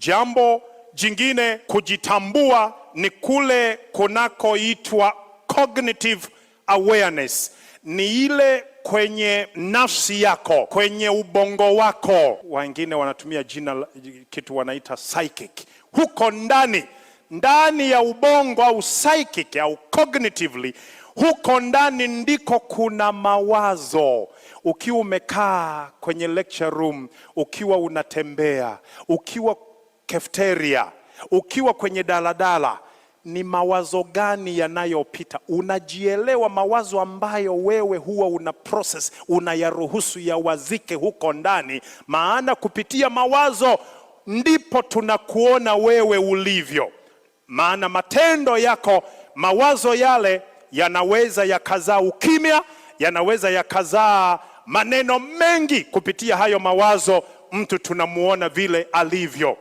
Jambo jingine kujitambua ni kule kunakoitwa cognitive awareness, ni ile kwenye nafsi yako, kwenye ubongo wako. Wengine wanatumia jina kitu wanaita psychic, huko ndani ndani ya ubongo au psychic au cognitively, huko ndani ndiko kuna mawazo. Ukiwa umekaa kwenye lecture room, ukiwa unatembea, ukiwa kefteria, ukiwa kwenye daladala, ni mawazo gani yanayopita? Unajielewa mawazo ambayo wewe huwa una process, unayaruhusu yawazike huko ndani, maana kupitia mawazo ndipo tunakuona wewe ulivyo, maana matendo yako, mawazo yale yanaweza yakazaa ukimya, yanaweza yakazaa maneno mengi. Kupitia hayo mawazo mtu tunamuona vile alivyo.